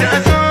I